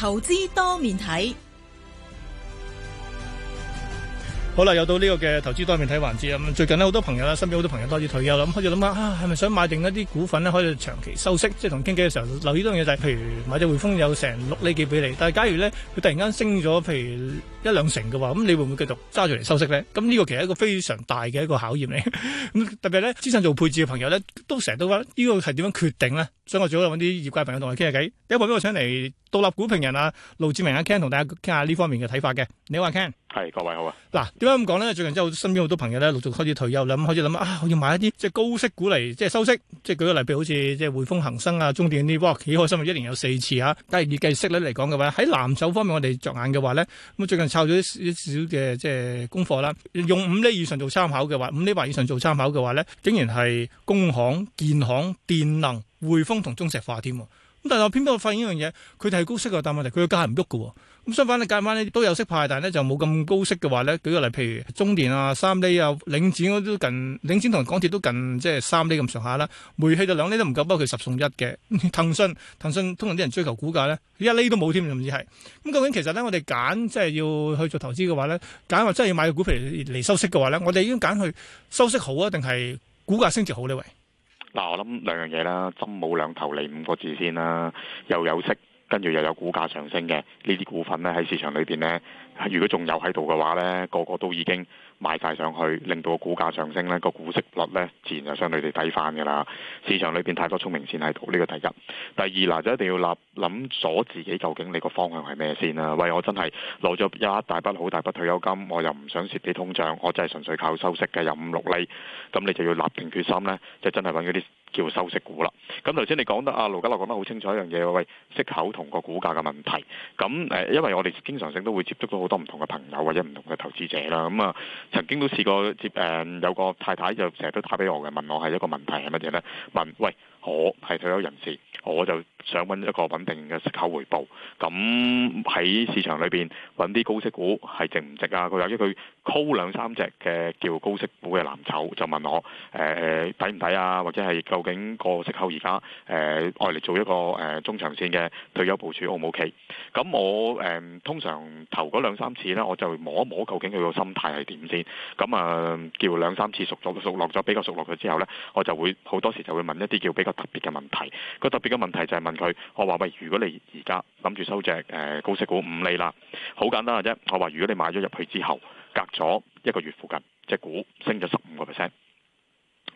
投資多面睇，好啦，又到呢個嘅投資多面睇環節。咁最近咧，好多朋友啦，身邊好多朋友都開始退休啦，咁開始諗啦，啊，係咪想買定一啲股份咧，可以長期收息？即係同經紀嘅時候，留意一樣嘢就係，譬如買隻匯豐有成六厘幾俾你。但係假如咧，佢突然間升咗，譬如。一兩成嘅喎，咁你會唔會繼續揸住嚟收息咧？咁、這、呢個其實一個非常大嘅一個考驗嚟， 咁特別咧資深做配置嘅朋友咧，都成日都話呢、這個係點樣決定咧？所以我早又揾啲業界朋友同我傾下偈。第一個俾我請嚟獨立股評人啊，盧志明阿、啊、Ken 同大家傾下呢方面嘅睇法嘅。你話 Ken？係各位好啊！嗱、啊，點解咁講咧？最近真係身邊好多朋友咧陸續開始退休啦，咁開始諗啊，我要買一啲即係高息股嚟即係收息，即係舉個例譬如好似即係匯豐、恒生啊、中電啲 b l o c 心一年有四次啊。但係業界息率嚟講嘅話，喺藍籌方面我哋着眼嘅話咧，咁最近。抄咗少少嘅即係功課啦，用五厘以上做參考嘅話，五厘或以上做參考嘅話，咧，竟然係工行、建行、電能、匯豐同中石化添。咁但係我偏偏我發現依樣嘢，佢哋係高息啊，但問題佢個價係唔喐嘅。咁相反你揀翻咧都有息派，但係咧就冇咁高息嘅話咧。舉個例，譬如中電啊、三厘啊、領展我都近領展同港鐵都近即係三厘咁上下啦。煤氣就兩厘都唔夠，不過佢十送一嘅。騰訊騰訊通常啲人追求股價咧，一厘都冇添，甚至係咁，究竟其實咧，我哋揀即係要去做投資嘅話咧，揀或真係要買個股票嚟收息嘅話咧，我哋應該揀去收息好啊，定係股價升值好呢位？嗱、啊，我諗兩樣嘢啦，針冇兩頭利五個字先啦，又有息，跟住又有股價上升嘅呢啲股份呢，喺市場裏邊呢，如果仲有喺度嘅話呢，個個都已經賣曬上去，令到個股價上升呢個股息率呢，自然就相對地低返噶啦。市場裏邊太多聰明線喺度，呢個第一。第二嗱，就一定要立諗咗自己究竟你個方向係咩先啦、啊。喂，我真係攞咗一大筆好大筆退休金，我又唔想蝕啲通脹，我真係純粹靠收息嘅，有五六厘，咁你就要立定決心呢，就真係揾嗰啲。叫收息股啦。咁頭先你講得阿盧家樂講得好清楚一樣嘢，喂，息口同個股價嘅問題。咁誒、呃，因為我哋經常性都會接觸到好多唔同嘅朋友或者唔同嘅投資者啦。咁啊、呃，曾經都試過接誒、呃、有個太太就成日都打俾我嘅，問我係一個問題係乜嘢咧？問喂，我係退休人士，我就想揾一個穩定嘅息口回報。咁喺市場裏邊揾啲高息股係值唔值啊？佢有一句。拋兩三隻嘅叫高息股嘅藍籌，就問我誒誒，抵唔抵啊？或者係究竟個息口而家誒，愛、呃、嚟做一個誒、呃、中長線嘅退休部署，好唔好？企咁我誒、呃，通常頭嗰兩三次呢，我就摸一摸究竟佢個心態係點先。咁啊、呃，叫兩三次熟咗熟落咗，比較熟落咗之後呢，我就會好多時就會問一啲叫比較特別嘅問題。那個特別嘅問題就係問佢，我話喂，如果你而家諗住收隻誒高息股五釐啦，好簡單嘅啫。我話，如果你買咗入去之後。隔咗一個月附近，隻股升咗十五個 percent，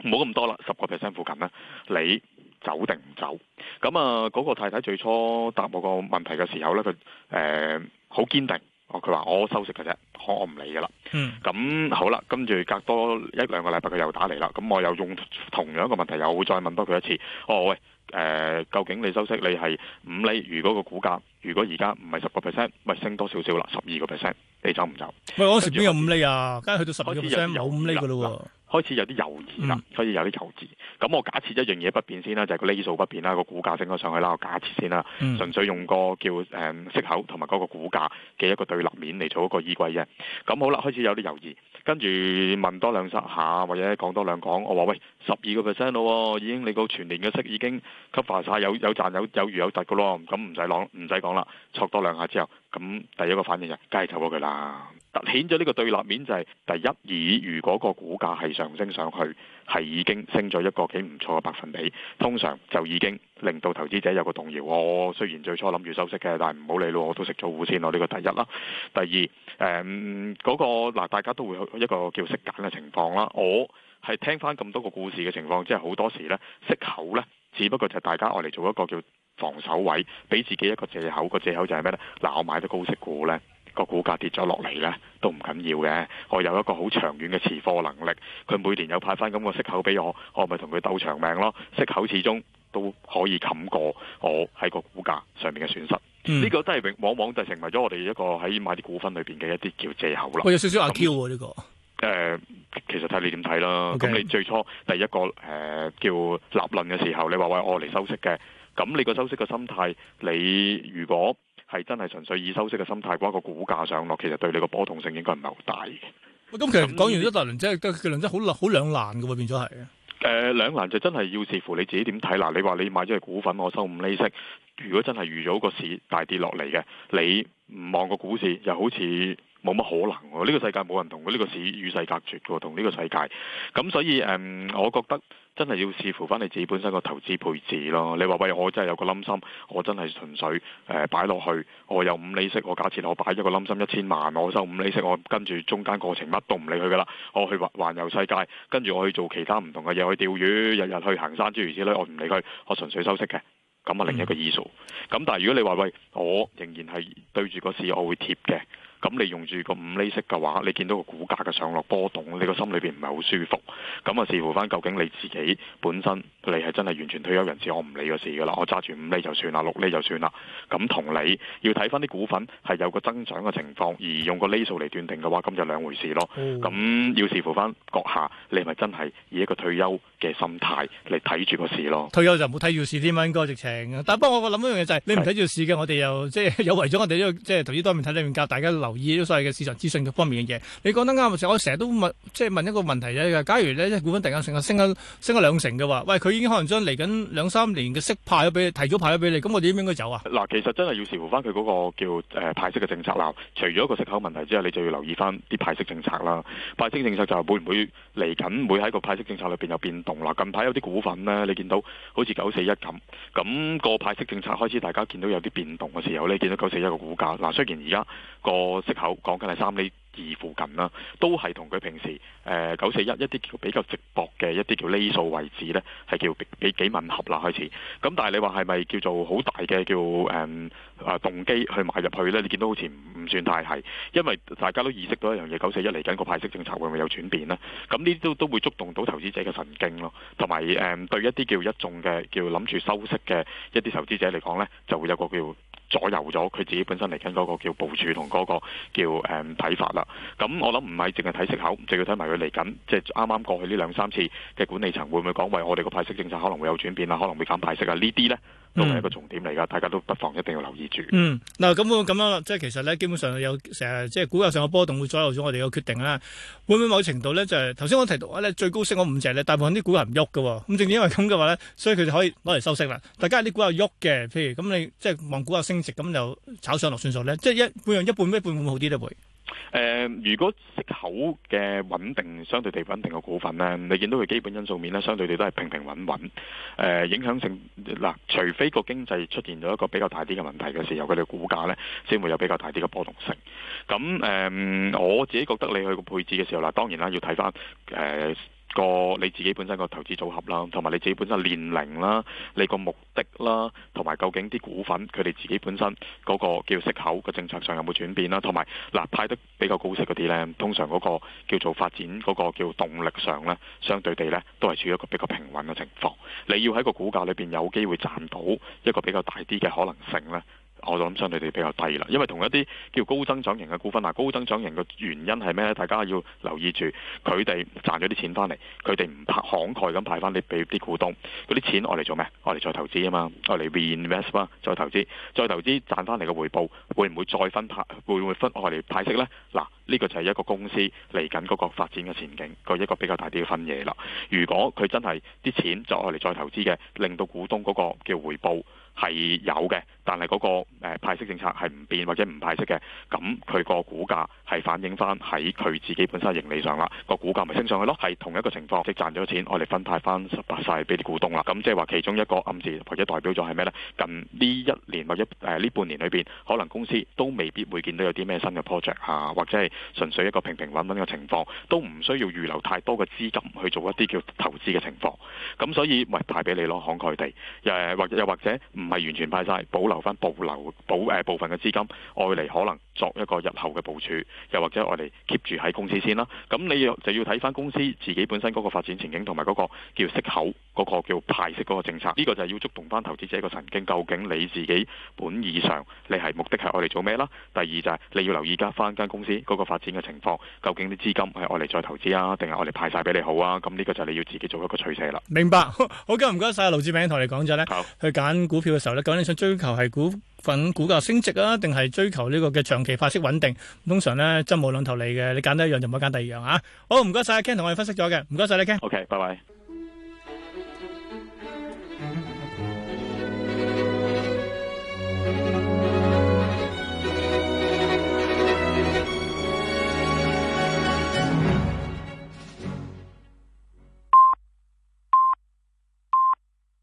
唔好咁多啦，十個 percent 附近咧，你走定唔走？咁啊，嗰、那個太太最初答我個問題嘅時候咧，佢誒好堅定，我佢話我收息嘅啫，可我唔理噶啦。咁、嗯、好啦，跟住隔多一兩個禮拜佢又打嚟啦，咁我又用同樣個問題又再問多佢一次。哦，喂，誒、呃，究竟你收息你係五釐？如果個股價？如果而家唔係十個 percent，咪升多少少啦？十二個 percent，你走唔走？喂，我前面有五厘啊，梗係去到十二個 percent 有五厘嘅咯喎。開始有啲猶豫啦，開始、嗯、有啲猶豫。咁我假設一樣嘢不變先啦，就係個釐數不變啦，個股價升咗上去啦，我假設先啦，嗯、純粹用個叫誒息口同埋嗰個股價嘅一個對立面嚟做一個衣櫃啫。咁、嗯、好啦，開始有啲猶豫，跟住問多兩十下，或者講多兩講。我話喂，十二個 percent 咯，已經你個全年嘅息已經 cover 曬，有有賺有有餘有突嘅咯，咁唔使講唔使講。有佣有佣啦，挫多兩下之後，咁第一個反應就梗係走咗佢啦。凸顯咗呢個對立面就係、是，第一，而如果個股價係上升上去，係已經升咗一個幾唔錯嘅百分比，通常就已經令到投資者有個動搖。我雖然最初諗住收息嘅，但係唔好理咯，我都食咗糊先。我、這、呢個第一啦，第二，誒、嗯，嗰、那個嗱，大家都會有一個叫息減嘅情況啦。我係聽翻咁多個故事嘅情況，即係好多時呢，息口呢，只不過就大家愛嚟做一個叫。防守位俾自己一個借口，個借口就係咩呢？嗱、啊，我買啲高息股呢，個股價跌咗落嚟呢，都唔緊要嘅。我有一個好長遠嘅持貨能力，佢每年有派翻咁個息口俾我，我咪同佢鬥長命咯。息口始終都可以冚過我喺個股價上面嘅損失。呢、嗯、個都係往往就成為咗我哋一個喺買啲股份裏邊嘅一啲叫借口啦、哦。有少少阿 Q 呢個？誒，其實睇你點睇啦。咁 Okay. 你最初第一個誒、呃、叫立論嘅時候，你話喂，我嚟收息嘅。咁你個收息嘅心態，你如果係真係純粹以收息嘅心態，嗰個股價上落，其實對你個波動性應該唔係好大嘅。咁、嗯、其實講完一大輪，即係真好好兩難嘅喎，變咗係。誒、呃，兩難就真係要視乎你自己點睇。嗱，你話你買咗係股份，我收五釐息。如果真係遇咗個市大跌落嚟嘅，你唔望個股市，又好似。冇乜可能喎、啊，呢、呢個世界冇人同佢呢個市與世隔絕嘅同呢個世界，咁所以誒、嗯，我覺得真係要視乎翻你自己本身個投資配置咯。你話喂，我真係有個冧心，我真係純粹誒、呃、擺落去，我有五釐息，我假設我擺咗個冧心一千萬，我收五釐息，我跟住中間過程乜都唔理佢嘅啦，我去環遊世界，跟住我去做其他唔同嘅嘢，去釣魚，日日去行山諸如此類，我唔理佢，我純粹收息嘅，咁啊另一個意思。咁但係如果你話喂，我仍然係對住個市，我會貼嘅。咁你用住個五釐息嘅話，你見到個股價嘅上落波動，你個心裏邊唔係好舒服。咁啊，視乎返究竟你自己本身。你係真係完全退休人士，我唔理個事噶啦，我揸住五厘就算啦，六厘就算啦。咁同你要睇翻啲股份係有個增長嘅情況，而用個釐數嚟斷定嘅話，咁就兩回事咯。咁、哦、要視乎翻閣下，你係咪真係以一個退休嘅心態嚟睇住個事咯？退休就唔好睇住個事添乜，應該直情。但不過我諗一樣嘢就係，你唔睇住事嘅，是我哋又即係有為咗我哋呢個即係投資多面睇裏面教大家留意啲所謂嘅市場資訊嘅方面嘅嘢。你講得啱，我成日都問，即係問一個問題就係假如呢，股份突然間升緊升緊兩成嘅話，喂已經可能將嚟緊兩三年嘅息派咗俾你，提早派咗俾你，咁我哋應唔應該走啊？嗱，其實真係要視乎翻佢嗰個叫誒、呃、派息嘅政策啦。除咗個息口問題之外，你就要留意翻啲派息政策啦。派息政策就係會唔會嚟緊會喺個派息政策裏邊有變動啦？近排有啲股份咧，你見到好似九四一咁，咁、咁個派息政策開始大家見到有啲變動嘅時候咧，你見到九四一個股價。嗱，雖然而家個息口講緊係三厘。二附近啦，都係同佢平時誒九四一一啲叫比較值博嘅一啲叫厘數位置呢，係叫幾幾吻合啦開始。咁但係你話係咪叫做好大嘅叫誒、嗯、啊動機去買入去呢？你見到好似唔算太係，因為大家都意識到一樣嘢，九四一嚟緊個派息政策會唔會有轉變呢？咁呢啲都都會觸動到投資者嘅神經咯，同埋誒對一啲叫一眾嘅叫諗住收息嘅一啲投資者嚟講呢，就會有個叫左右咗佢自己本身嚟緊嗰個叫部署同嗰個叫誒、嗯、睇法啦。咁我諗唔係淨係睇息口，仲要睇埋佢嚟緊，即係啱啱過去呢兩三次嘅管理層會唔會講喂，我哋個派息政策可能會有轉變啊，可能會減派息啊？呢啲咧都係一個重點嚟㗎，大家都不妨一定要留意住、嗯。嗯，嗱，咁會咁樣啦，即係其實咧，基本上有成日即係股價上嘅波動會左右咗我哋嘅決定啦。會唔會某程度咧就係頭先我提到咧最高息我五隻咧，大部分啲股係唔喐㗎喎。咁正因為咁嘅話咧，所以佢就可以攞嚟收息啦。大家啲股又喐嘅，譬如咁你即係望股價升。食咁就炒上落算數咧，即係一半樣一半，咩半會好啲咧會。誒，如果息口嘅穩定相對地穩定嘅股份咧，你見到佢基本因素面咧，相對地都係平平穩穩。誒、呃，影響性嗱、呃，除非個經濟出現咗一個比較大啲嘅問題嘅時候，佢哋股價咧先會有比較大啲嘅波動性。咁、嗯、誒，我自己覺得你去配置嘅時候，嗱、呃，當然啦，要睇翻誒。呃個你自己本身個投資組合啦，同埋你自己本身年齡啦，你個目的啦，同埋究竟啲股份佢哋自己本身嗰個叫息口嘅政策上有冇轉變啦，同埋嗱派得比較高息嗰啲呢，通常嗰個叫做發展嗰個叫動力上呢，相對地呢，都係處於一個比較平穩嘅情況。你要喺個股價裏邊有機會賺到一個比較大啲嘅可能性呢？我諗相對地比較低啦，因為同一啲叫高增長型嘅股份，嗱高增長型嘅原因係咩？大家要留意住，佢哋賺咗啲錢翻嚟，佢哋唔派慷慨咁派翻你俾啲股東，嗰啲錢我嚟做咩？我嚟再投資啊嘛，我嚟 reinvest 啦，再投資，再投資賺翻嚟嘅回報會唔會再分派？會唔會分我嚟派息呢？嗱。呢個就係一個公司嚟緊嗰個發展嘅前景，個一個比較大啲嘅分野啦。如果佢真係啲錢就我哋再投資嘅，令到股東嗰個嘅回報係有嘅，但係嗰個誒派息政策係唔變或者唔派息嘅，咁佢個股價係反映翻喺佢自己本身盈利上啦，個股價咪升上去咯，係同一個情況，即係賺咗錢我哋分派翻十八曬俾啲股東啦。咁即係話其中一個暗示或者代表咗係咩呢？近呢一年或者誒呢半年裏邊，可能公司都未必會見到有啲咩新嘅 project 啊，或者係。純粹一個平平穩穩嘅情況，都唔需要預留太多嘅資金去做一啲叫投資嘅情況。咁所以咪係派俾你咯，慷慨地、呃、或又或者又或者唔係完全派晒，保留翻保留保誒、呃、部分嘅資金，愛嚟可能作一個日後嘅部署，又或者愛嚟 keep 住喺公司先啦。咁你又就要睇翻公司自己本身嗰個發展前景，同埋嗰個叫息口嗰、嗰個叫派息嗰個政策。呢、呢個就係要觸動翻投資者嘅神經。究竟你自己本意上你，你係目的係愛嚟做咩啦？第二就係你要留意而家翻一間公司嗰發展嘅情況，究竟啲資金係我哋再投資啊，定係我哋派晒俾你好啊？咁呢個就你要自己做一個取捨啦。明白，好嘅，唔該晒盧志明同你講咗咧，好去揀股票嘅時候咧，究竟你想追求係股份股價升值啊，定係追求呢個嘅長期發息穩定？通常咧，真冇兩頭利嘅，你揀得一樣就唔好揀第二樣啊。好，唔該晒 Ken 同我哋分析咗嘅，唔該晒你 Ken。OK，拜拜。